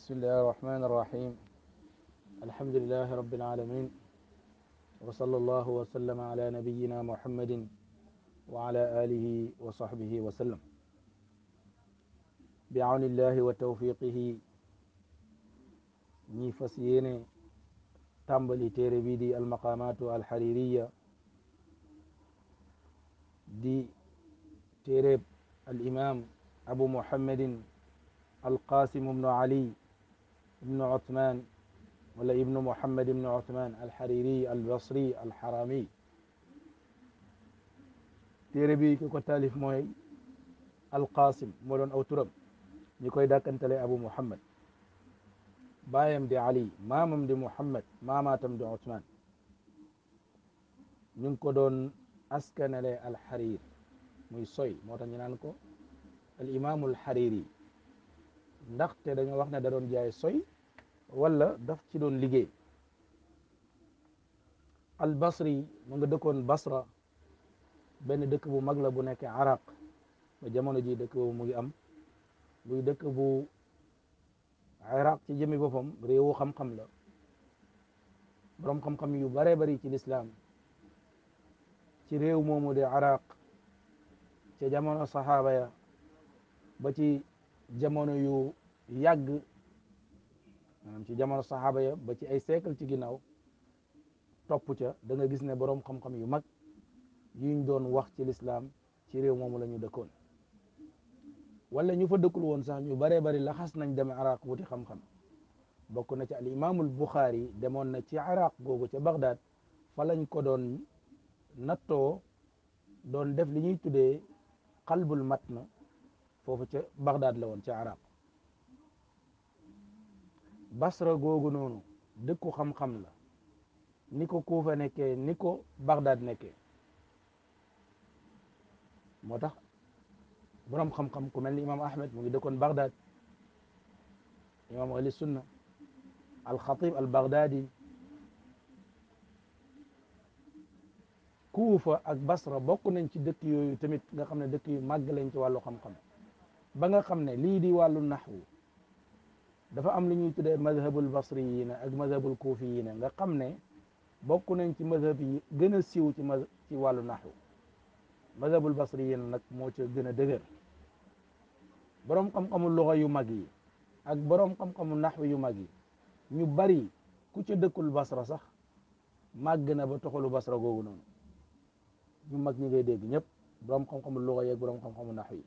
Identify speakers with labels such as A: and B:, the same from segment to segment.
A: بسم الله الرحمن الرحيم الحمد لله رب العالمين وصلى الله وسلم على نبينا محمد وعلى آله وصحبه وسلم بعون الله وتوفيقه ñi تنبلي yéene tàmbali المقامات bi di almaqamatu alxaririya di téereeb al imam abu بن عثمان ولا ابن محمد بن عثمان الحريري البصري الحرامي téere bi ki ko taalif mooy alqasim moo doon aw turam ñi koy dàkkantale abu muhammad baayam di ali maamam di muhammad maamaatam di othman ñu ngi ko doon askanale alxarir muy soy moo tax ñu naan ko al imaamu alxariri ndaxte dañoo wax ne da doon jaay soy walla daf ci doon liggéey al basri mu nga dëkkoon basra benn dëkk bu mag la bu nekk araq ba jamono ji dëkk boobu mu ngi am muy dëkk bu iraq ci jëmi boppam réewu xam-xam la boroom xam-xam yu bare bari ci lislaam ci réew moomu di araq ca jamono saxaaba ya ba ci jamono yu yàgg maanaam ci jamono saxaaba ya ba ci ay siècle ci ginnaaw topp ca da gis ne boroom xam-xam yu mag yuñ doon wax ci lislaam ci réew moomu lañu dëkkoon wala ñu fa dëkkul woon sax ñu baree bari laxas nañ dem Iraq wuti xam-xam bokk na ci al imaamul Buxaari demoon na ci Iraq googu ca Bagdad fa lañ ko doon nattoo doon def li ñuy tuddee xalbul na foofu ca Bagdad la woon ca Iraq basra gogu nonu dëkku xam-xam la niko kufa kuufa niko ni ko bagdad nekkee moo tax xam-xam ku melni imam ahmed mu ngi dëkkoon bagdad imam ali sunna al khatib al baghdadi kufa ak basra bokku nañ ci dëkk yoyu tamit nga xamne dëkk yu mag lañ ci walu xam xam-xam ba nga xamne li di walu nahwu dafa am li ñuy tuddee yi basriyiina ak mazhabul kuufiyiina nga xam ne bokk nañ ci mazhab yi gën a siiw ci ma ci wàllu naxu mazhabul basriyiina nag moo ca gën a dëgër boroom xam-xamu luxa yu mag yi ak boroom xam-xamu naxu yu mag yi ñu bari ku ca dëkkul basra sax màgg na ba toxalu basra googu noonu ñu mag ñi ngay dégg ñëpp boroom xam-xamu luxa yi ak boroom xam-xamu naxu yi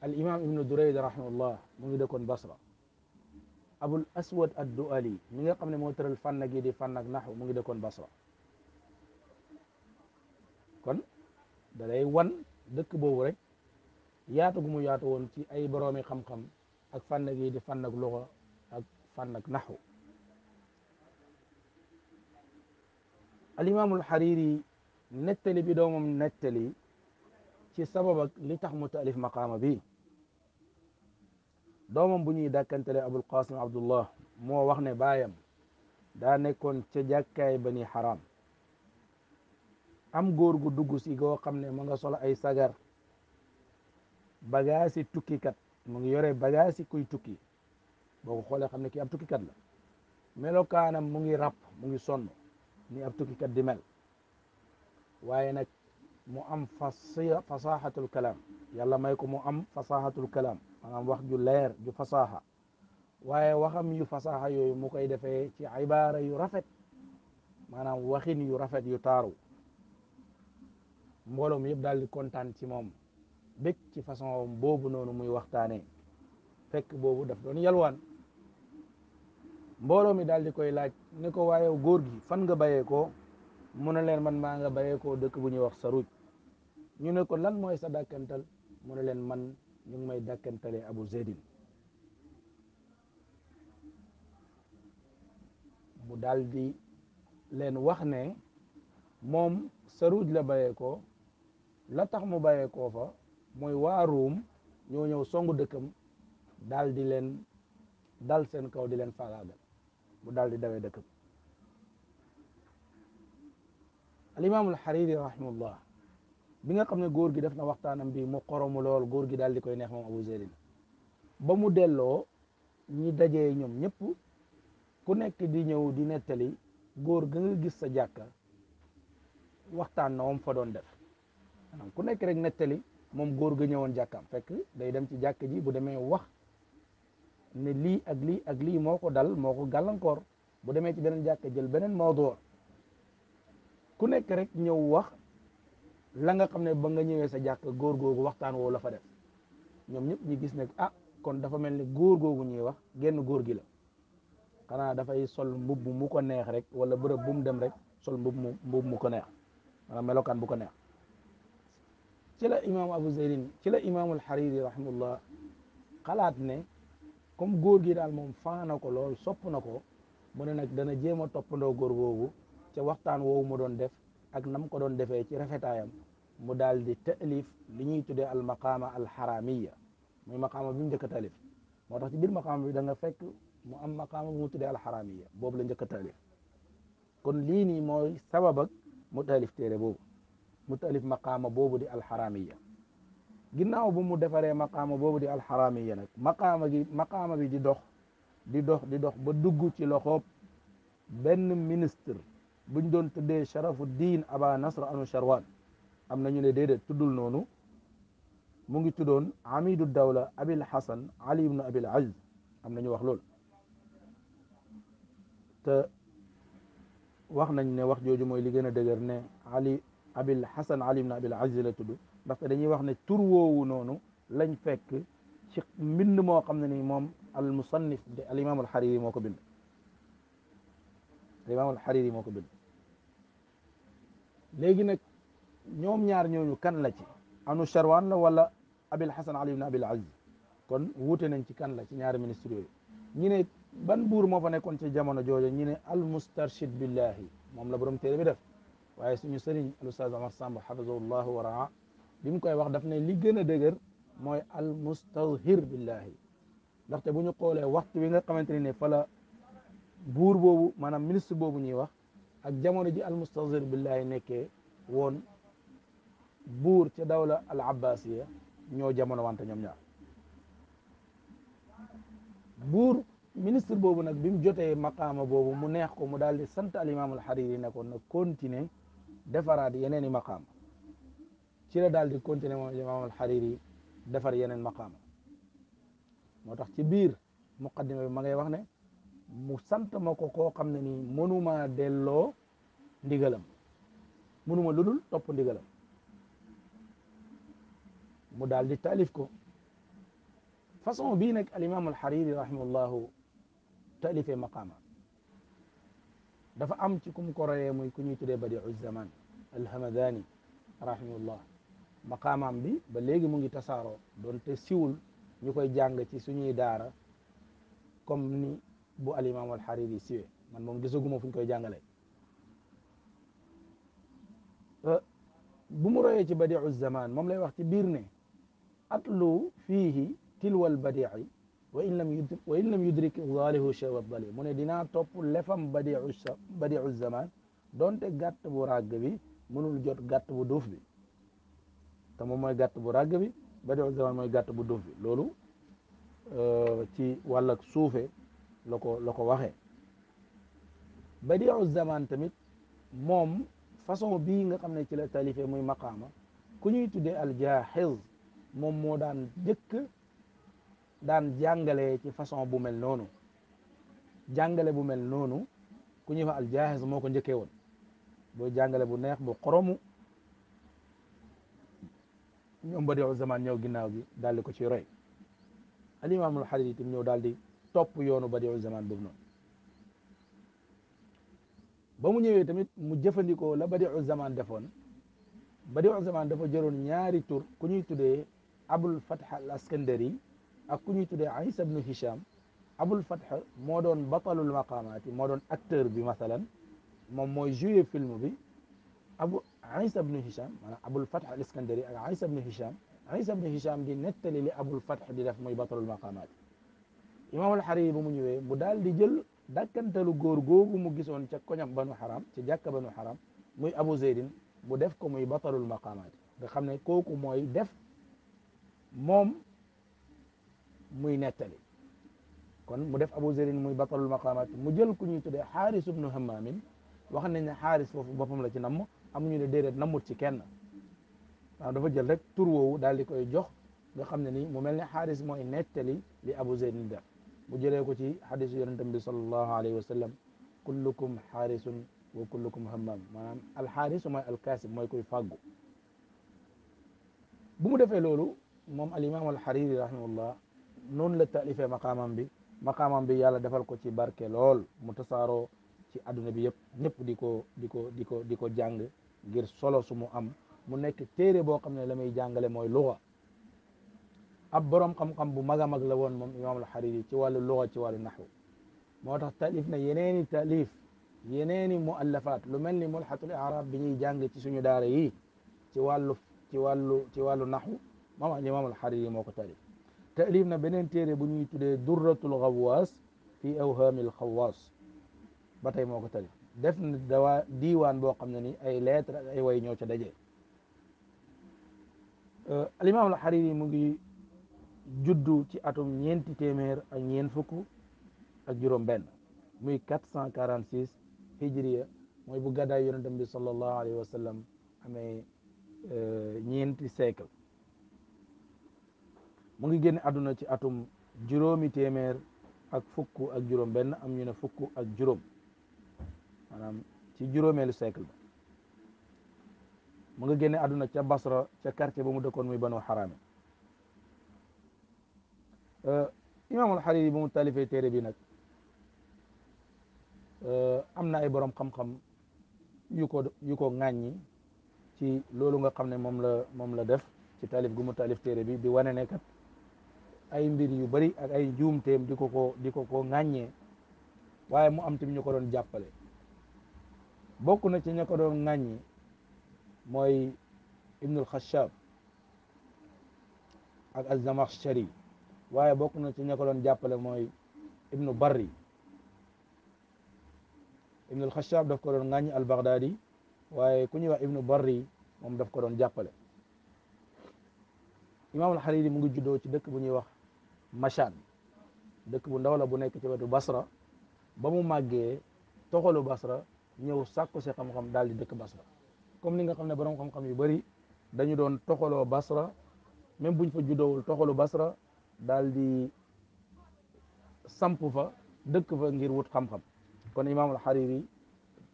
A: al imam ibnu durayd rahimahullah mu ngi dëkkoon basra abul aswad ad duali mi nga xam ne moo tëral fànn gi di fànn ak naxu mu ngi dëkkoon basra kon da lay wan dëkk boobu rek yaatu gu mu yaatu woon ci ay boroomi xam-xam ak fànn gi di fànn ak luxa ak fànn ak naxu al imamul xariri nettali bi doomam nettali ci sababu li tax mu taalif bi domam bu ñuy dakantale abul qasim abdullah mo wax ne bayam da nekkon ci jakkay bani Haram. am goor gu dugg ci go xamne ma nga solo ay sagar tukki kat mo ngi yore bagasi kuy tukki boo ko xoolee xam ne kii ab tukkikat la melokaanam mo ngi rap mo ngi ni ab kat di mel waye nak mu am fasiya fasahatul kalaam yàlla may ko mu am fasahatul kalaam maanaam wax ju leer ju fasaha waaye waxam yu fasaha yooyu mu koy defee ci ibaara yu rafet maanaam waxin yu rafet yu taaru mbooloo mi yëpp daal di kontaan ci moom bég ci façon boobu noonu muy waxtaanee fekk boobu def doon yalwaan mbooloo mi daal di koy laaj ni ko waaye góor gi fan nga bayee ko mu ne leen man maa nga bayee ko dëkk bu ñuy wax saruuj ñu ne ko lan mooy sa dàkkantal mu ne leen man ñu ngi may dàkkantalee abu zeydin mu daldi leen wax ne moom saruuj la bayee ko la tax mu bayee koo fa mooy waa ruum ñoo ñëw songu dëkkam daal di leen dal seen kaw di leen faagaagal mu daal di dawee dëkkam al imaamul xariri rahimahullah bi nga xamne goor gi def na waxtanam bi mo xoromu lool goor gi dal di koy neex mom abu zerin ba mu delloo ñi dajé ñom ñepp ku nekk di ñew di netali goor ga nga gis sa jàkka waxtan na wam fa doon def maanaam ku nekk rek netali mom goor ga ñewon jàkkaam fekk day dem ci jàkk ji bu demee wax ne li ak li ak li moko dal moko galankor bu demee ci benen jàkka jël benen mawdu ku nekk rek ñew wax la nga xamne ne ba nga ñëwé sa jakk goor gogu waxtaan wo la fa def ñom ñep ñi gis nek ah kon dafa melni goor gogu googu ñuy wax genn goor gi la sol mbub mu ko neex rek wala bëre bu mu dem rek sol mbub mu mbub mu ko neex maanaam melokan bu ko neex ci la imam abu Zaylin? ci la Al hariri rahimullah xalaat ne kom goor gi dal mom faana ko lol sopp nako mo ne nak dana jema top ndo goor gogu ci waxtaan wo mu doon def ak nam ko doon defé ci rafetayam mu daal di taalif li ñuy tuddee al maqaama al xaraamiya muy maqaama bi mu njëkk a taalif moo ci biir maqaama bi da nga fekk mu am maqaama bu mu tuddee al xaraamiya boobu la njëkk a taalif kon lii nii mooy sabab ak mu taalif téere boobu mu taalif maqaama boobu di al xaraamiya ginnaaw bu mu defaree maqaama boobu di al xaraamiya nag maqaama gi maqaama bi di dox di dox di dox ba dugg ci loxoob benn ministre buñ doon tuddee Sharafuddin Aba Nasr sharwan am nañu ne déedéet tuddul noonu mu ngi tuddoon amidu dawla abil hasan ali ibn abil aziz am na ñu wax lool te wax nañ ne wax jooju mooy li gën a dëgër ne ali abil hasan ali ibn abil aziz la tudd ndaxte dañuy wax ne tur woowu noonu lañ fekk ci mbind moo xam ne ni moom al musannif de al imam al hariri moo ko bind al moo ko bind léegi nag ñoom ñaar ñooñu kan la ci anu Charwan la wala Abil Hasan Ali ibn Abil Aziz kon wuute nañ ci kan la ci ñaari ministre yooyu ñi ne ban buur moo fa nekkoon ci jamono joojo ñi ne al mustarshid billahi moom la borom téere bi def waaye suñu sëriñ al ustaz Amar Samb hafizahullahu wa raa bi mu koy wax daf ne li gën a dëgër mooy al mustazhir billahi ndaxte bu ñu xoolee waxtu wi nga xamante ne fala la buur boobu maanaam ministre boobu ñuy wax ak jamono ji al mustazhir billahi nekkee woon buur ca dawla al abbasiya ñoo jamono wante ñoom ñaar buur ministre boobu nag bi mu jotee maqaama boobu mu neex ko mu daal di sant al imaam al xariri ne ko na continuer defaraat yeneen i maqaama ci la daal di continuer moom imaam al xariri defar yeneen maqaama moo tax ci biir muqaddima bi ma ngay wax ne mu sant ma ko koo xam ne nii mënuma delloo ndigalam mënuma ludul topp ndigalam mu daal di taalif ko façon bii nag alimaam alxariri rahimahullahu taalifee maqaama dafa am ci kum ko royee muy ku ñuy tuddee badiu zaman alhamadani rahimahullah maqaamaam bi ba léegi mu ngi tasaaroo doon te siwul ñu koy jàng ci suñuy daara comme ni bu alimaam alxariri siwee man moom gisaguma fu ñu koy jàngalee euh, bu mu royee ci badiu zaman moom lay wax ci biir ne أتلو فيه تلو البديع وإن لم وإن لم يدرك ظاله شيء والظليم من دينا توب لفم بديع بديع الزمان دونت غات بو راغبي منول جوت غات بو دوف بي تما موي غات بو راغبي بديع الزمان موي غات بو دوف بي لولو ا آه، تي ولا سوفه لوكو لوكو واخه بديع الزمان تميت موم فاصون بيغا خامني تي لا تاليفه موي مقامه كونيي تودي الجاحظ moom moo daan jëkk daan jàngale ci façon bu mel noonu jàngale bu mel noonu ku ñuy wax aljaahis moo ko njëkkee woon boo jàngale bu neex bu xoromu ñoom badiu zaman ñëw ginnaaw gi daal ko ci roy alimaamul xadiis itam ñëw daal di topp yoonu badiu zaman boobu noonu ba mu ñëwee tamit mu jëfandikoo la badiu zaman defoon badiu zaman dafa jëroon ñaari tur ku ñuy tuddee abul fatah al askandari ak ku ñuy tuddee isa hisham abul fatah moo doon batalul maqaamaati moo doon acteur bi masalan moom mooy joué film bi abu isa bnu hisham maanaam abul fatah al askandari ak isa bnu hisham isa bnu hisham di nettali li abul fatah di def muy batalul maqaamaati imaam al xari ba mu ñëwee mu daal di jël dàkkantalu góor googu mu gisoon ca koñam banu haram ca jàkka banu haram muy abu zeydin mu def ko muy batalul maqaamaati nga xam ne kooku def moom muy nettali kon mu def abu zerin muy batalul maqamat mu jël ku ñuy tuddee xaaris ibnu hamaamin wax nañ ne xaaris foofu boppam la ci namm amuñu ne deret namut ci kenn waaw dafa jël rek tur woowu daal di koy jox nga xam ne ni mu mel ni xaaris mooy nettali li abu zerin def mu jëlee ko ci xadisu yonentam bi sallallahu alayhi wa sallam kullukum xaarisun wa kullukum hammaam maanaam alxaarisu mooy alkaasib mooy koy fàggu bu mu defee loolu moom alimaam alxariri rahimahullah noonu la taalifee maqaamam bi maqaamam bi yàlla defal ko ci barke lool mu tasaaroo ci àdduna bi yëpp ñëpp di ko di ko di ko di ko jàng ngir solo su mu am mu nekk téere boo xam ne la muy jàngale mooy luga ab borom xam-xam bu mag a mag la woon moom imaam alxariri ci wàllu luga ci wàllu naxwu moo tax taalif na yeneeni taalif yeneeni muallafaat lu mel ni mulxatul i'raab bi ñuy jàng ci suñu daara yi ci wàllu ci wàllu ci wàllu naxwu maam al imaam al Hariri moo ko taalif taalif na beneen téere bu ñuy tuddee durratul xawaas fi awhaamil xawaas ba tey moo ko taalif def na diwaan diiwaan boo xam ne ni ay lettre ay way ñoo ca daje euh, al imaam mu ngi juddu ci atum ñeenti téeméer ak ñeent fukk ak juróom benn muy 446 hijriya mooy bu gàddaay yonentam bi sallallahu alayhi wa sallam amee euh, ñeenti siècle mu ngi génne àdduna ci atum juróomi téeméer ak fukk ak juróom benn am ñu ne fukk ak juróom maanaam ci juróomeelu siècle ba mu nga génne àdduna ca Basra ca quartier ba mu dëkkoon muy Banu Xaraame eh, imaamul Xariri ba mu taalifee téere bi nag eh, am na ay boroom xam-xam yu ko yu ko ŋàññi ci loolu nga xam ne moom la moom la def ci taalif gu mu taalif téere bi di wane ne kat ay mbir yu bari ak ay njuumteem di ko ko di ko ko ŋàññee waaye mu am tamit ñu ko doon jàppale bokk na ci ña ko doon ŋàññi mooy ibnul xachab ak az-zamaxshari waaye bokk na ci ña ko doon jàppale mooy ibnu barri ibnul xachab daf ko doon ŋàññi al baghdadi waaye ku ñu wax ibnu barri moom daf ko doon jàppale imaamul xariri mu ngi juddoo ci dëkk bu ñuy wax Machad dëkk bu ndaw la bu nekk ci wetu Basra ba mu màggee toxalu Basra ñëw sàkku si xam-xam daal di dëkk Basra comme ni nga xam ne borom xam-xam yu bari dañu doon toxaloo basara même buñ fa juddoowul toxalu basara daal di samp fa dëkk fa ngir wut xam-xam kon Imaamul Hariri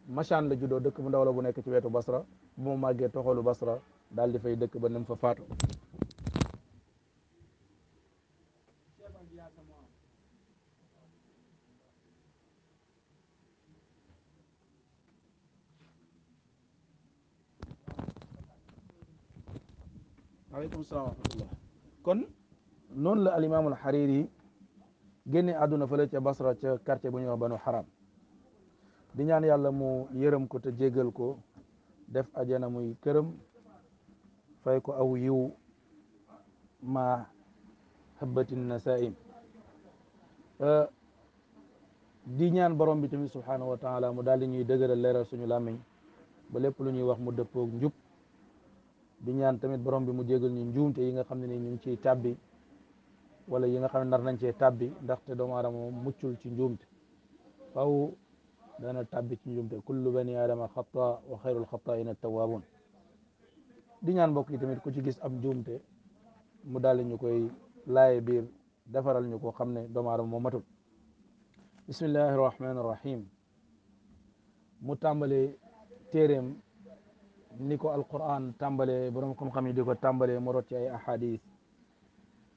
A: Machaan la juddoo dëkk bu ndaw la bu nekk ci wetu Basra bu mu màggee toxalu basara daal di fay dëkk ba ni fa faatu waaleykum salaam wa rahmatullah kon noonu la alimaamul xariri génne àdduna fële ca Basra ca quartier bu ñu wax banu xaram di ñaan yàlla mu yërëm ko te jéggal ko def ajana muy këram fay ko aw yiw ma habbatin nasaim di ñaan borom bi tamit subhanahu wa mu daal di ñuy dëgëral leeral suñu làmmiñ ba lépp lu ñuy wax mu dëppoog njub di ñaan tamit borom bi mu jégal ñu njuumte yi nga xam ne ni ñu ngi ciy tàbbi wala yi nga xam ne nar nañ cee tàbbi ndaxte doomu aadama moom muccul ci njuumte faw dana tàbbi ci njuumte kullu bani aadama xata wa xayrul xataaina tawaabuun mbokk yi tamit ku ci gis ab njuumte mu daal ñu koy laaye biir defaral ñu ko xam ne doomu aadama moo matul bismillahi rahmaani rahim mu tàmbalee téeréem ni ko alquran tàmbalee borom xam-xam yi di ko tàmbalee mu rot ci ay ahadis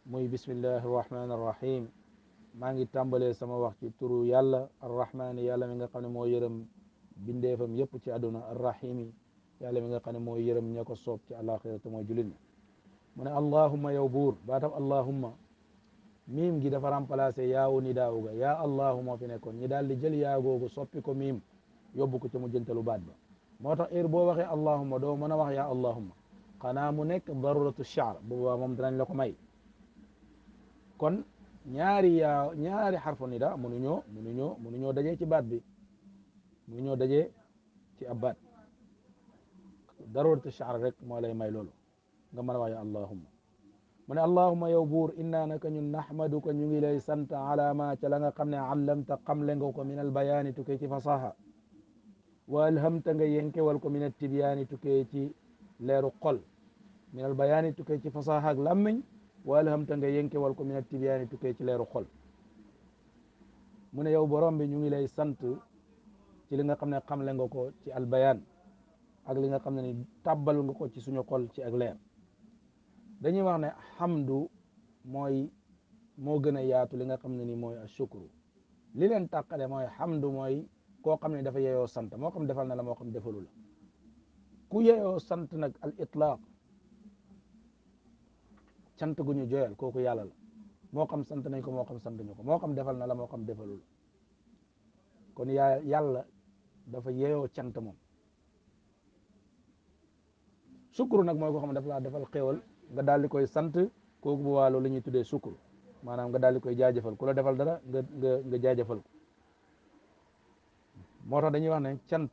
A: muy bismillahi arrahmani arrahim maa ngi tàmbalee sama wax ci turu yàlla arrahmani yàlla mi nga xam ne moo yërëm bindeefam yëpp ci àdduna arrahimi yàlla mi nga xam ne moo yërëm ña ko soob ci àlaxira te mooy jullit ñi mu ne allahumma yow buur baatam allahumma miim gi dafa remplacé yaawu ni daawu ga yaa allahuma fi nekkoon ñi daal di jël yaagoogu soppi ko miim yóbbu ko ca mu jëntalu baat ba moo tax heure boo waxee allahumma doo mën a wax yaa allahumma xanaa mu nekk daruratu shaar boobaa moom danañ la ko may kon ñaari yaa ñaari xarfu nida mënuñoo mënuñoo mënuñoo dajee ci baat bi mënuñoo dajee ci ab baat daruratu shaar rek moo lay may loolu nga mën a wax yaa allahumma mu ne allahumma yow buur innaa naka ñun naxmaduka ñu ngi lay sant ala ma ca la nga xam ne allamta xamle nga ko min albayaani tukkee ci fasaha wa alhamta nga yenkewal ko min attibiyaani tukkee ci leeru xol min albayaani tukkee ci fasaha ak làmmiñ wa alhamta nga yenkewal ko min attibiyaani tukkee ci leeru xol mu ne yow borom bi ñu ngi lay sant ci li nga xam ne xamle nga ko ci albayaan ak li nga xam ne ni tàbbal nga ko ci suñu xol ci ak leer dañuy wax ne xamdu mooy moo gën a yaatu li nga xam ne ni mooy ashukru li leen tàqale mooy xamdu mooy koo xam ne dafa yeyoo sant moo xam defal na la moo xam defalu la ku yeyoo sant nag al itlaaq cant gu ñu joyal kooku yàlla la moo xam sant nañ ko moo xam sant ñu ko moo xam defal na la moo xam defalu la kon yaa yàlla dafa yeyoo cant moom sukkur nag mooy ko xam ne daf laa defal xéwal nga daal di koy sant kooku bu waalo la ñuy tuddee sukkur maanaam nga daal di koy jaajëfal ku la defal dara nga nga nga jaajëfal ko moo tax dañuy wax ne cant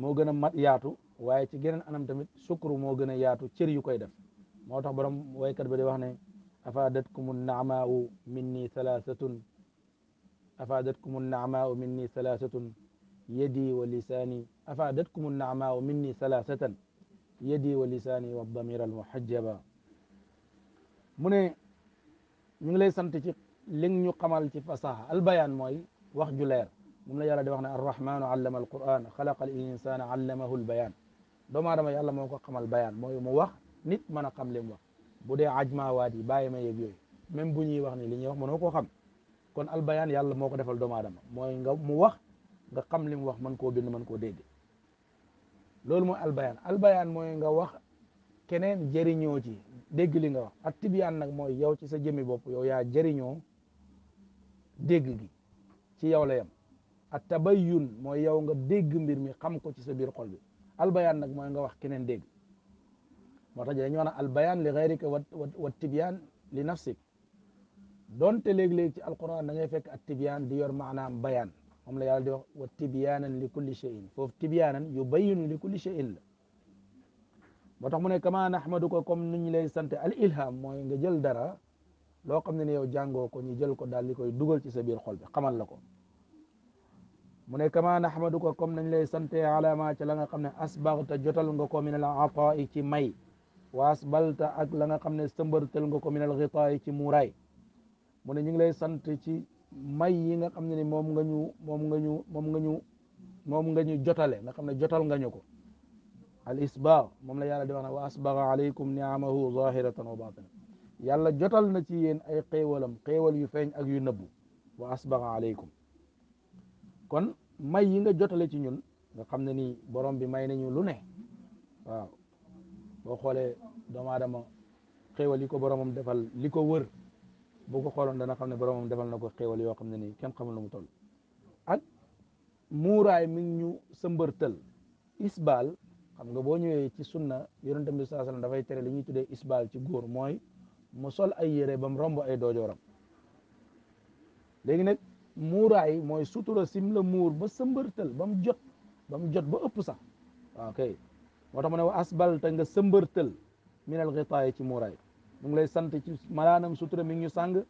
A: moo gën a mat yaatu waaye ci geneen anam tamit sukuru moo gën a yaatu cër yu koy def moo tax borom waykat ba di wax ne afadatkumu naamaau minni salaasatun afadatkumu naamaau minni salaasatun yadi wa lisaani afadatkumu naamaau minni salaasatan yadi wa lisaani wa damira almuhajjaba mu ne ñu ngi lay sant ci li ñu xamal ci fasaha albayaan mooy wax ju leer moom la yàlla di wax ne arrahmaanu allama alquran xalaqa al insana allamahu l bayaan doomu aadama yàlla moo ko xamal bayaan mooy mu wax nit mën a xam li mu wax bu dee ajmaawaat yi bàyyi ma yeeg yooyu même bu ñuy wax ni li ñuy wax mënoo koo xam kon al bayaan yàlla moo ko defal doomu aadama mooy nga mu wax nga xam li mu wax mën koo bind mën koo dégg loolu mooy al bayaan mooy nga wax keneen jëriñoo ci dégg li nga wax at tibiyaan nag mooy yow ci sa jëmmi bopp yow yaa jëriñoo dégg gi ci yow la yam ak tabayyun mooy yow nga dégg mbir mi xam ko ci sa biir xol bi albayaan nag mooy nga wax keneen dégg moo tax dañu wax albayaan li gayrika wa tibyaan li nafsik donte léeg-léeg ci alquran da ngay fekk at tibyaan di yor maanaam bayan moom la yàlla di wax wa tibyaanan li kulli cheyin foofu tibyaanan yu bayyinu li kulli cheyin la moo tax mu ne kama nahmadu ko comme ni ñu lay al ilham mooy nga jël dara loo xam ne ne yow jàngoo ko ñu jël ko daal di koy dugal ci sa biir xol bi xamal la ko mu ne kama nahmaduka comme nañ lay sante ala ma ca la nga xam ne jotal nga ko min al ataa'i ci may wasbalta asbalta ak la nga xam ne sëmbërtal nga ko min al xitaa'i ci muuraay mu ne ñu ngi lay sant ci may yi nga xam ni moom nga ñu moom nga ñu moom nga ñu moom nga ñu jotale nga xam jotal nga ñu al isbaax moom la yàlla di wax ne wa alaykum niamahu zahiratan wa batina yàlla jotal na ci yéen ay xéewalam xéewal yu feeñ ak yu nëbbu wa asbaxa alaykum kon may yi nga jotale ci ñun nga xam ne ni borom bi may nañu lu ne waaw boo xoolee doomu aadama xéewal yi ko boromam defal li ko wër boo ko xooloon dana xam ne boromam defal na ko xéewal yoo xam ne nii kenn xamul nu mu toll ak muuraay mi ngi ñu sëmbërtël isbaal xam nga boo ñëwee ci sunna yonente bi sallallahu alayhi wasallam dafay tere li ñuy tuddee isbaal ci góor mooy mu sol ay yére bam romb ay doojooram léegi nag muuraay mooy sutura sim la muur ba sëmbërtal ba mu jot ba mu jot ba ëpp sax waaw moo tax mu ne wa ta nga sëmbërtal minal xitaayi ci muuraay mu ngi lay sant ci malaanam sutura mi ngi ñu sàng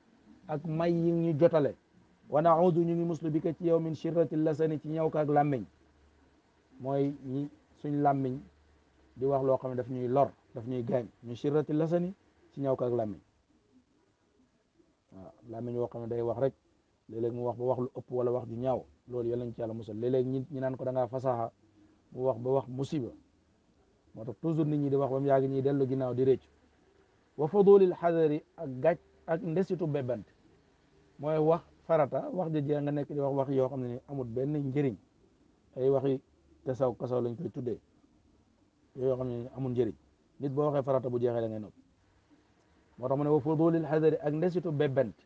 A: ak may yi ngi ñu jotale wa naudu ñu ngi muslu bi ka ci yow min shirrati lasani ci ñëw kaak làmmiñ mooy ñi suñ làmmiñ di wax loo xam ne daf ñuy lor daf ñuy gaañ ñu shirrati lasani ci ñëw kaak làmmiñ waaw làmmiñ woo xam day wax rek léeg mu wax ba wax lu ëpp wala wax ju ñaaw loolu yàlla nañ ci yàlla musal léeg-léeg ñi naan ko da ngaa mu wax ba wax musiba moo tax toujours nit ñi di wax ba mu yàgg ñiy dellu ginnaaw di réccu wa fadulil xadari ak gàj ak ndesitu bébante mooy wax farata wax ji jeex nga nekk di wax wax yoo xam ne amul benn njëriñ ay waxi tasaw kasaw lañ koy tuddee yoo xam ne amul njëriñ nit boo waxee farata bu jeexee da ngay noppi moo tax mu ne wa fadulil xadari ak ndesitu bébante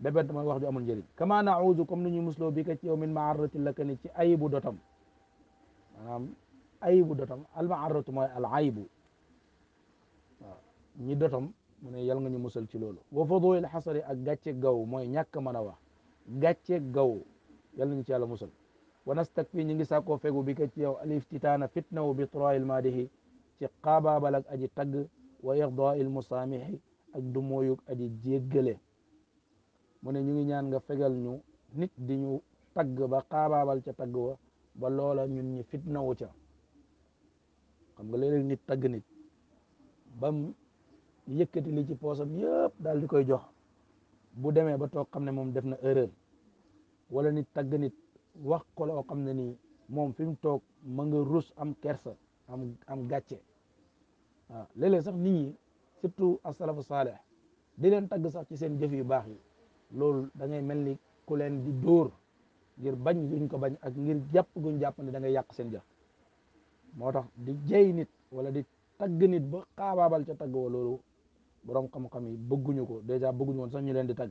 A: bébént mooy wax ju amul njëriñ kama naudu comme ni ñuy musloo bi ka ci yow min maarrati la ni ci ayibu dotam ayibu dotam al maarratu mooy al ayibu waaw ñi dotam mu yal nga ñu musal ci loolu wa fadulil xasari ak gàcce gaw mooy ñàkk mën a wax gàcce gaw yal nañu ci yàlla musal wa nastakfi ñi ngi sàkkoo fegu bi ka ci yow al iftitaana fitnawu bi troil maadihi ci xaabaabal ak aji tagg wa irdail musaamixi ak du mooyug aji jéggale mu ne ñu ngi ñaan nga fegal ñu nit di ñu tagg ba xaabaabal ca tagg wa ba loola ñun ñi fitnawu ca xam nga léeg nit tagg nit bam yëkkati li ci poosam yëpp daal di koy jox bu demee ba toog xam ne moom def na erreur wala nit tagg nit wax ko loo xam ne ni moom fi mu toog ma nga rus am kersa am am gàcce waaw léeg sax nit ñi surtout asalafu saaleh di leen tagg sax ci seen jëf yu baax yi loolu da mel ni ku leen di dóor ngir bañ guñ ko bañ ak ngir jàpp guñ jàpp ne da ngay yàq seen jëf moo tax di jay nit wala di tagg nit ba xaabaabal ca tagg wa loolu borom xam kam yi bëgguñu ko dèjà bëgguñu woon sax ñu leen di tagg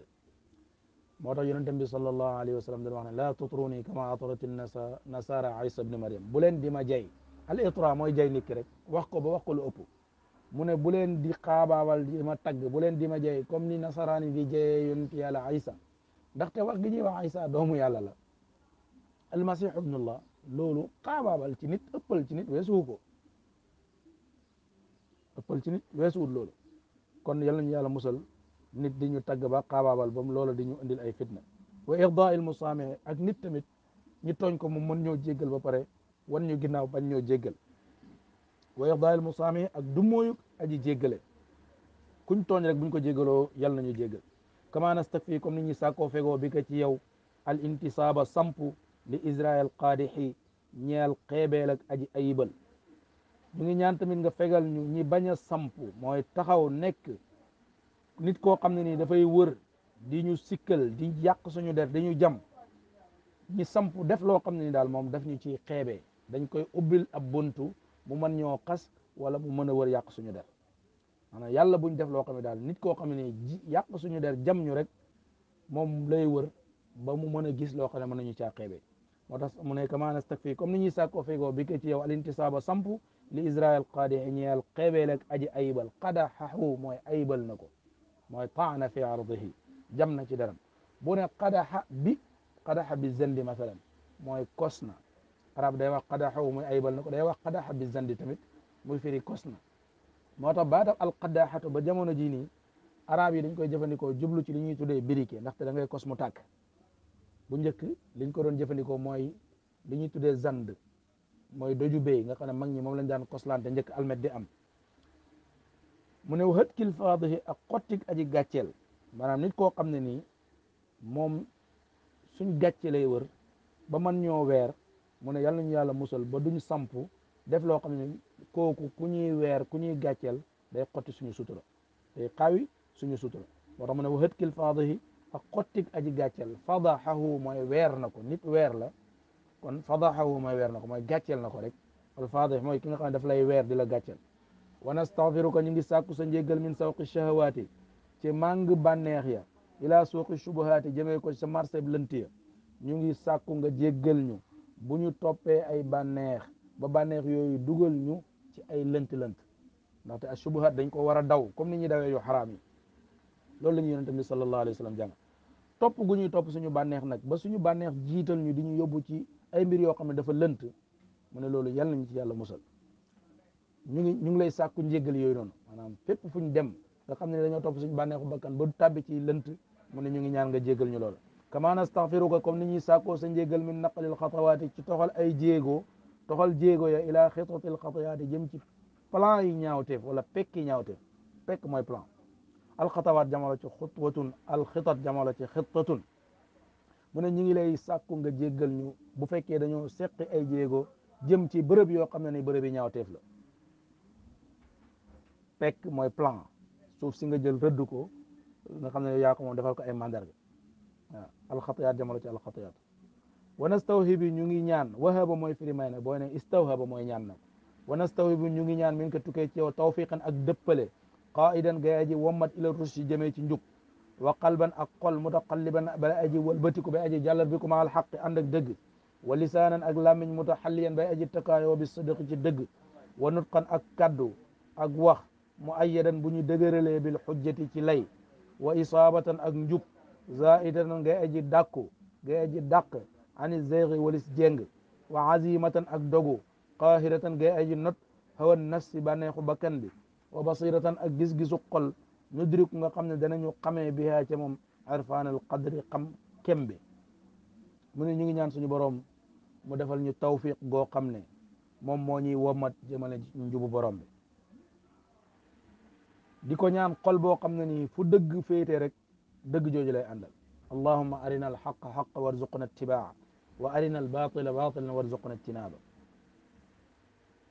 A: moo tax yonente bi sallallahu alayhi wa sallam dañu wax ne laa tutruni kama atrati nasara isa bni mariam bu leen di ma jey al itra mooy jay nit ki rek wax ko ba wax ko lu ëpp mu ne bu leen di xaabaabal di ma tagg bu leen di ma jey comme ni nasaraan yi di jeyee yonent yàlla Isa ndaxte wax gi ñuy wax Isa doomu yàlla la almasih ibnullah loolu xaabaabal ci nit ëppal ci nit weesuwu ko ëppal ci nit loolu kon yal nañu yàlla musal nit di ñu tagg ba xaabaabal bam loola di ñu indil ay fitna wa irdail musaamee ak nit tamit ñu tooñ ko mu mën ñoo jéggal ba pare wan ñu ginnaaw bañ ñoo jéggal wa irdaayil musaami ak du mooyu aji jéggale kuñ tooñ rek buñ ko jéggaloo yal nañu jéggal kama nastakfi comme ni ñi sàkkoo fegoo bi ka ci yow al intisaaba sampu li israel qaadixi ñeel xeebeel ak aji ayibal ñu ngi ñaan tamit nga fegal ñu ñi bañ a sampu mooy taxaw nekk nit koo xam ne nii dafay wër di ñu sikkal di yàq suñu der dañu jam ñi sampu def loo xam ne ni daal moom daf ñu ci xeebee dañ koy ubbil ab buntu mu mën ñoo xas wala mu mën a wër yàq suñu der maanaam yàlla buñ def loo xam ne daal nit koo xam ne ji yàq suñu der jam ñu rek moom lay wër ba mu mën a gis loo xam ne mën nañu caa xeebe moo tax mu ne kama nastakfi comme ni ñuy sàkkoo fegoo bi ko ci yow al intisaaba sampu li israel qaadi ñeel xeebeel ak aji ayibal qadaxahu mooy ayibal na ko mooy taana fi ardihi jam na ci deram bu ne qadaxa bi qadaxa bi zendi masalan mooy kos arab day wax qadahu muy aybal na day wax qadaxa bi zandi tamit muy firi kosna. moto moo al qadahatu ba jamono ji ni arab yi dañ koy jëfandikoo jublu ci li ñuy tuddee birike ndaxte da ngay kos mu tàkk bu ñëk liñ ko doon jëfandikoo moy li ñuy tuddé zand Moy doju bey nga xam ne mag ñi moom lañ daan koslante ñëk almet di am mune wahat kil faadihi ak aji gatchel manam nit ko xamne ni mom moom suñ wër ba man ñoo wër mu ne yàlla nañu yàlla musal ba du ñu samp def loo xam ne kooku ku ñuy weer ku ñuy gàcceel day xotti suñu sutura day xaawi suñu sutura moo wa mu ne wa hëtkil faadahi ak xottik aji gàcceel fadaxahu mooy weer na ko nit weer la kon fadaxahu mooy weer na ko mooy gàcceel na ko rek al faadih mooy ki nga xam ne daf lay weer di la gàcceel wa nastaxfiruka ñu ngi sàkku sa njéggal min sawqi shahawaati ci màng bànneex ya ilaa suuqi shubuhaati jamee ko sa marché bi lënt ya ñu ngi sàkku nga jéggal ñu bu ñu toppee ay bànneex ba banneex yooyu dugal ñu ci ay lënt-lënt ndaxte a subuhat dañ ko war a daw comme ni ñuy dawee yu xaraam yi loolu la ñu yonente bi sallallahu alayhi wa sallam jàng topp topp suñu bànneex nag ba suñu bànneex jiital ñu di ñu yóbbu ci ay mbir yoo xam ne dafa lënt mu ne loolu yal nañu ci yàlla musal ñu ngi ñu ngi lay sàkku njéggal yooyu noonu maanaam fépp fu ñu dem nga xam ne dañoo topp suñu bànneexu bakkan ba tàbbi ci lënt mu ne ñu ngi ñaan nga jéggal ñu loolu kama nastaghfiruka comme ni ñuy sàkkoo sa njégal min naqalil xatawaati ci toxal ay jéego toxal jéego ya ila xitatil xatawaati jëm ci plan yi ñaawteef wala pekki ñaawteef pekk mooy plan alxatawaat jamono ci xutwatun alxitat jamono ci xitatun mu ne ñu ngi lay sàkku nga jéggal ñu bu fekkee dañoo seqi ay jéego jëm ci bërëb yoo xam ne ni bërëb yi ñaawteef la pek mooy plan suuf si nga jël rëdd ko nga xam ne yaa ko defal ko ay mandarga waaw alxatiyaat jamono ci alxatiyaat wa nastawhibi ñu ngi ñaan wahaba mooy firi may na boo ne istawhaba mooy ñaan na wa nastawhibi ñu ngi ñaan min ko tukkee ci yow tawfiqan ak dëppale qaidan gay aji wommat ila rushdi jëmee ci njub wa qalban ak xol mutaqalliban bay aji walbatiku bay aji jàllar bi ku maal xaqi ànd ak dëgg wa lisaanan ak làmmiñ mutaxalliyan bay aji takaayoo bi sadiq ci dëgg wa nutqan ak kaddu ak wax mu ayyadan bu bil xujjati ci lay wa isaabatan ak njub zaidatan ngay aji dàkku ngay aji dàq ani zeyxi walis jéng wa azimatan ak dogu qaahiratan ngay aji not hawa nafsi bànneexu bakkan bi wa basiratan ak gis-gisu xol nudrik nga xam ne danañu xamee bihaa ca moom irfaan al qadri xam kembe ne ñu ngi ñaan suñu borom mu defal ñu tawfiq goo xam ne moom moo ñuy womat jëmale njubu borom bi di ko ñaan xol boo xam ne nii fu dëgg féete rek دغ جوج لاي اندال اللهم ارنا الحق حقا وارزقنا اتباعه وارنا الباطل باطلا وارزقنا اجتنابه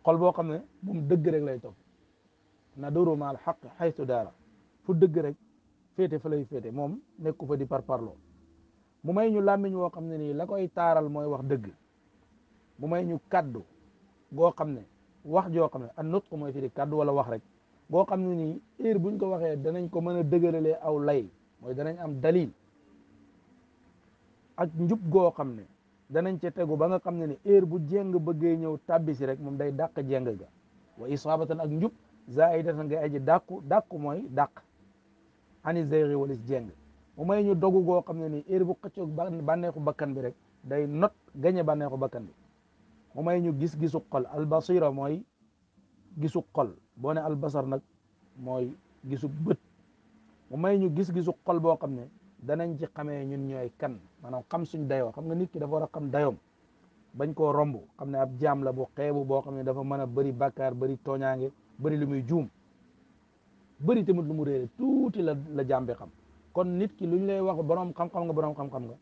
A: قلب بو خامني موم دغ رك لاي توف ندور ما الحق حيث دار فو دغ رك فيتي فلاي فيتي موم نيكو فا دي بار بارلو مومي ني لامي ني خامني ني لاكوي تارال موي واخ دغ مومي ني كادو غو خامني واخ جو خامني النطق موي في دي ولا واخ رك غو خامني ني اير بون كو واخه دانن كو مانا دغرالي او لاي mooy danañ am dalil ak njub goo xam ne danañ ca tegu ba nga xam ne ni heure bu jeng bëggee ñëw tàbbi rek moom day dàq jeng ga wa isaabatan ak njub zaidatan nga aji dàqu dàqu mooy dàq ani zeyri walis jeng mu ma ñu dogu goo xam ne ni heure bu xëccoog bànneexu bakkan bi rek day not gañe bànneexu bakkan bi mu may ñu gis-gisu xol albasira mooy gisu xol boo ne albasar nag mooy gisu bët mu may ñu gis-gisu xol boo xam ne danañ ci xamee ñun ñooy kan maanaam xam suñ dayoo xam nga nit ki dafa war a xam dayoom bañ koo romb xam ne ab jaam la bu xeebu boo xam ne dafa mën a bëri bàkkaar bëri tooñaange bari lu muy juum bëri tamit lu mu réere tuuti la la jaam xam kon nit ki lu ñu lay wax borom xam-xam nga borom xam nga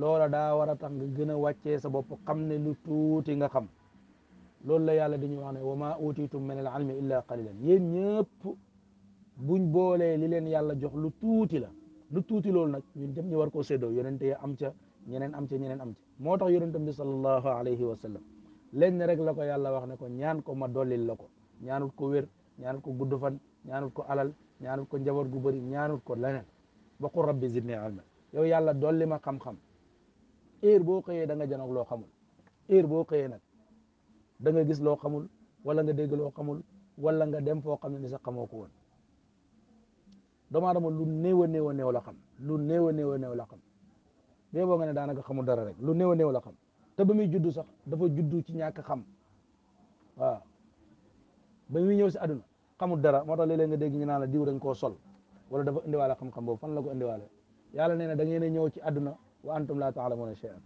A: loola daa war a tax nga a wàccee sa bopp xam ne lu tuuti nga xam loolu la yàlla dañuy wax ne wa ma utitum min al ilmi illa qalilan yéen ñëpp buñ boolee li leen yàlla jox lu tuuti la lu tuuti loolu nag ñun dem ñu war koo séddoo yonente ya am ca ñeneen am ca ñeneen am ca moo tax yonentam bi sallallahu alayhi wa sallam lenn rek la ko yàlla wax ne ko ñaan ko ma dollil la ko ñaanut ko wér ñaanut ko gudd fan ñaanut ko alal ñaanut ko njaboot gu bëri ñaanut ko leneen ba qul rabbi zidni ilma yow yàlla dolli ma xam-xam heure boo xëyee da nga janoog loo xamul heure boo xëyee nag da gis loo xamul wala nga dégg loo xamul wala nga dem foo xam ne ni sax xamoo ko woon doomu aadama lu néew a néew a néew la xam lu néew a néew a la xam bee boo nga ne daanaka xamul dara rek lu néew a néew la xam te ba muy juddu sax dafa juddu ci ñàkk xam waaw ba muy ñëw si àdduna xamul dara moo tax léeg dégg ñu naan la diw dañ koo sol wala dafa indiwaale xam-xam boobu fan la ko indiwaale yàlla nee na da ngeen a ñëw ci àdduna wa antum laa ta'lamuuna shay'an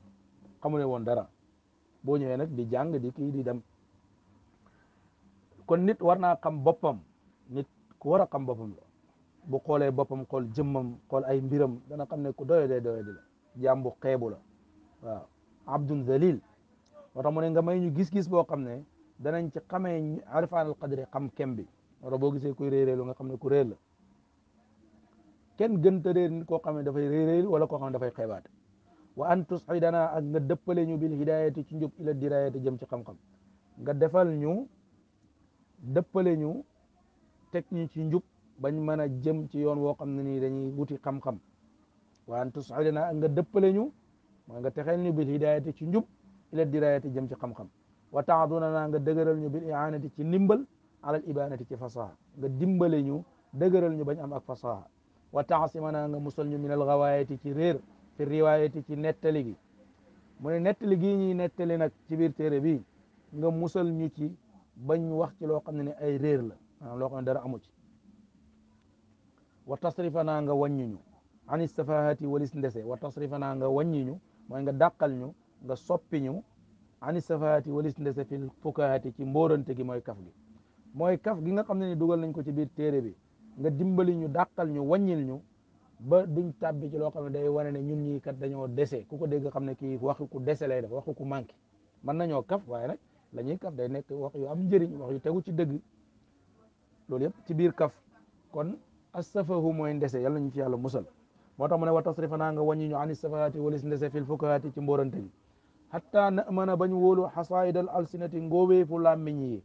A: xamule woon dara boo ñëwee nag di jàng di kii di dem kon nit war naa xam boppam nit ku war a xam boppam la bu xoolee boppam xool jëmmam xool ay mbiram dana xam ne ku doyodee doyodi la jaam bu xeebu la waaw abdun zalil moo mu ne nga may ñu gis-gis boo xam ne danañ ci xamee arfaan al qadri xam kem bi moo boo gisee kuy réeréelu nga xam ne ku réer la kenn gënta réer nit koo xam wala koo xam dafay xeebaate wa an tusxidanaa ak nga dëppale ñu bil hidayati ci njub ila dirayati jëm ci xam-xam nga defal ñu dëppale ñu teg ñu ci njub bañ mën a jëm ci yoon woo xam ne nii dañuy wuti xam-xam wa an tusaidana nga dëppale ñu mooy nga texeel ñu bil hidayati ci njub ila dirayati jëm ci xam-xam wa taaduna naa nga dëgëral ñu bil ianati ci ndimbal alal ibanati ci fasaha nga dimbale ñu dëgëral ñu bañ am ak fasaha wa taasimana nga musal ñu min al gawaayati ci réer fi riwaayati ci nettali gi mu ne nettali gii ñuy nettali nag ci biir téere bi nga musal ñu ci bañ wax ci loo xam ne ne ay réer la dara amu ci wa tasrifanaa nga wàññiñu an istafahati walis ndese wa tasrifanaa nga ñu mooy nga dàqal ñu nga soppi ñu an istafahati walis ndese fil fukahati ci mbóorante ki mooy kaf gi mooy kaf gi nga xam ne ni dugal nañ ko ci biir téere bi nga dimbali ñu dàqal ñu wàññil ñu ba duñ tàbbi ci loo xam ne day wane ne ñun ñii kat dañoo dese ku ko dégg xam ne kii waxu ku dese lay def waxu ku manqué mën nañoo kaf waaye nag la kaf day nekk wax yu am njëriñ wax yu tegu ci dëgg loolu yëpp ci biir kaf kon as-safahu mooy ndese yàlla nañu ci musal moo tax mu ne wa tasrifanaa nga wàññi ñu ani safahaati walis ndese fil fukahaati ci mboorante bi hatta na mana bañ wóolu xasaidal alsinati ngóoweefu làmmiñ yi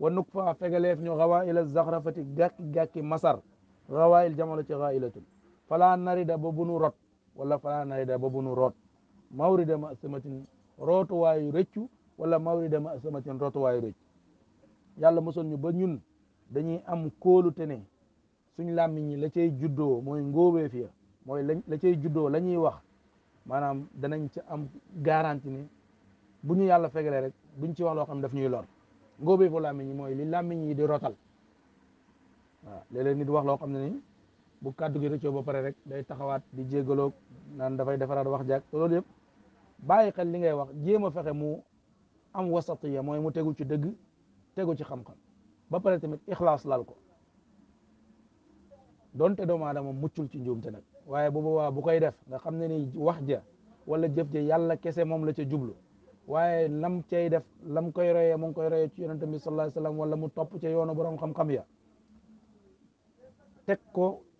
A: wa nuk fa fegaleef ñu xawaila zaxrafati gàkki-gàkki masar xawail jamono ci xailatul fala narida ba bunu rot wala fala narida ba bunu root mawrida ma samatin rootuwaayu rëccu wala mawrida ma samatin rootuwaayu rëccu yàlla mosoon ñu ba ñun dañu am kóolute ne suñ làmmiñ yi la cay juddoo mooy ngóobee fi mooy la cay juddoo la ñuy wax maanaam danañ ci am garanti ne bu ñu yàlla fegalee rek buñ ci wax loo xam daf ñuy lor ngóobee fu làmmiñ ñi mooy li làmmiñ yi di rotal waaw léeg-léeg nit wax loo xam ne ni bu kàddu gi rëccoo ba pare rek day taxawaat di jéggaloog naan dafay defaraat wax jàkk loolu yëpp bàyyi xel li ngay wax jéem a fexe mu am wasatiya mooy mu tegu ci dëgg tegu ci xam-xam ba pare tamit ixlaas lal ko donte doomu aadama muccul ci te nag waaye bu boobaa bu koy def nga xam ne ni wax ja wala jëf ja yàlla kese moom la ca jublu waaye lam cay def lam koy royee mu ngi koy royee ci yonente bi sallallahu alayhi wasallam wala mu topp ca yoonu borom xam-xam ya teg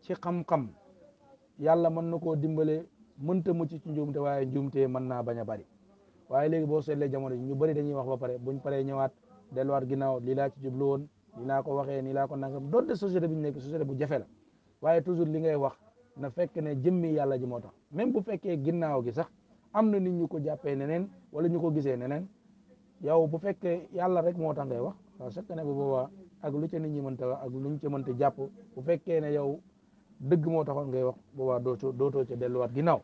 A: ci xam-xam yàlla man na koo dimbale ta mucc ci njuumte waaye njuumte mën naa bañ a bari waaye léegi boo seetlee jamono ji ñu bari dañuy wax ba pare buñ paree waat delluwaat ginnaaw lii laa ci jublu woon nii laa ko waxee nii laa ko nangam doonte société bi ñu nekk société bu jafe la waaye toujours li ngay wax na fekke ne jëmmi yàlla ji moo tax même bu fekkee ginnaaw gi sax am na nit ñu ko jàppee neneen wala ñu ko gisee neneen yow bu fekkee yàlla rek moo tax ngay wax parce que ne bu boobaa ak lu ca nit ñi mënta wax ak luñ ca mënta jàpp bu fekkee ne yow dëgg moo taxoon ngay wax boobaa dootoo dootoo ca delluwaat ginnaaw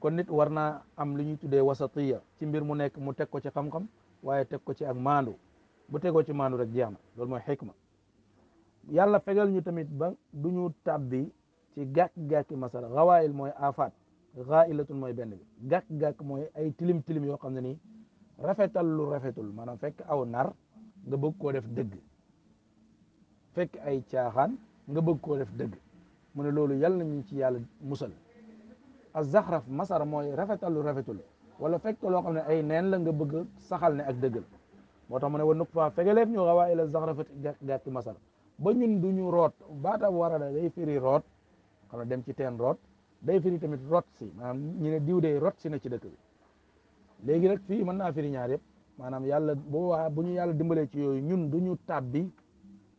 A: kon nit war naa am lu ñuy tuddee wasatiya ci mbir mu nekk mu teg ko ci xam waaye teg ko ci ak maandu bu tegoo ci maandu rek jeex na loolu mooy xikma yàlla fegal ñu tamit ba du ñu tàbbi ci gàkk-gàkki masala rawaayil mooy afaat railatun mooy benn bi gàkk-gàkk mooy ay tilim-tilim yoo xam ne nii rafetal lu rafetul maanaam fekk aw nar nga bëgg koo def dëgg fekk ay caaxaan nga bëgg koo def dëgg mu ne loolu yàlla ñu ci yàlla musal a zaxraf masara mooy rafetal lu rafetul wala fekk loo xam ne ay neen la nga bëgg saxal ne ak dëggal moo tax mu ne wa nuq faa fegaleef ñu rawaa ila zaxrafati gàkk-gàkki masara ba ñun ñu root baata war a day firi root wala dem ci teen root day firi tamit root si maanaam ñu diw de root si na ci dëkk bi léegi nag fii mën naa firi ñaar yëpp maanaam yàlla boo waa bu ñu yàlla dimbalee ci yooyu ñun du duñu tàbbi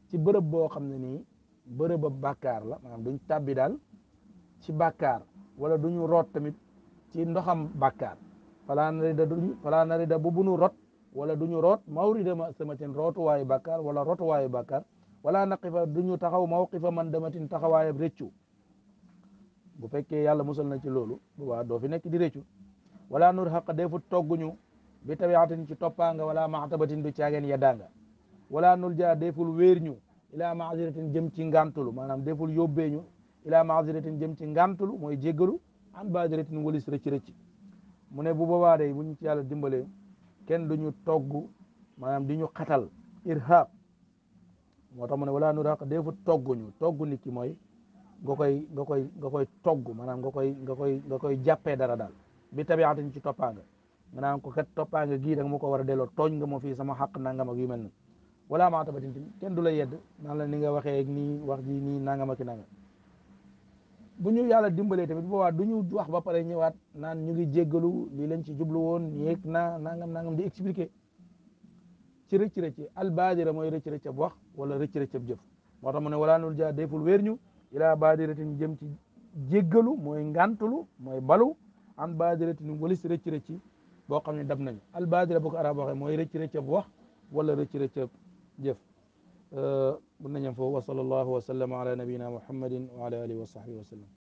A: ci bërëb boo xam ne nii bërëb ab bàkkaar la maanaam duñ tàbbi daal ci bàkkaar wala duñu root tamit ci ndoxam bàkkaar falaa narida duñu falaa narida bu bunu rot wala ñu root mawrida ma samatin rootuwaayu bàkkaar wala rootuwaayu bàkkaar wala naqifa du ñu taxaw mawqifa man damatin taxawaayab rëccu bu fekkee yàlla musal na ci loolu waa doo fi nekk di rëccu wala nur xaq defu togguñu bi tabiatin ci toppaanga walaa wala maxtabatin du caageen yeddaanga wala nul jaa deful wéer ñu ilaa maaziratin jëm ci ngàntulu maanaam deful yóbbee ñu ilaa maaziratin jëm ci ngàntulu mooy jéggalu an baadiratin walis rëcc rëcc mu ne bu boobaa day bu ñu ci yàlla dimbalee kenn du ñu togg maanaam di ñu xatal moo tax mu ne wala nuraq deefu togguñu togg nit ki mooy nga koy nga koy nga koy togg maanaam nga koy nga koy nga koy jàppee dara daal bi tabiatañ ci toppaanga nga naan ko kat toppaanga gii da nga ma ko war a delloo tooñ nga ma fii sama xaq nangam ak yu mel na wala maa tabatin tamit kenn du la yedd naan la ni nga waxee nii wax ji nii nangam ak nangam bu ñu yàlla dimbalee tamit boobaa du ñu wax ba pare ñëwaat naan ñu ngi jéggalu lii lañ ci jublu woon yéeg na nangam nangam di expliquer ci rëcc rëcc albaadira mooy rëcc rëcc ab wax wala rëcc rëcc ab jëf moo tax mu ne walaa nul jaa deful wér ñu ilaa baadiratin jëm ci jéggalu mooy ngantulu mooy balu an baadiratin walis rëcc rëcc boo xam ne dab nañu albaadira bu ko arab waxee mooy rëcc rëcc ab wax wala rëcc rëcc ab jëf mun nañam foofu wa sallallahu wa sallama ala nabiyina muhammadin wa ala alihi wa sahbihi wa sallam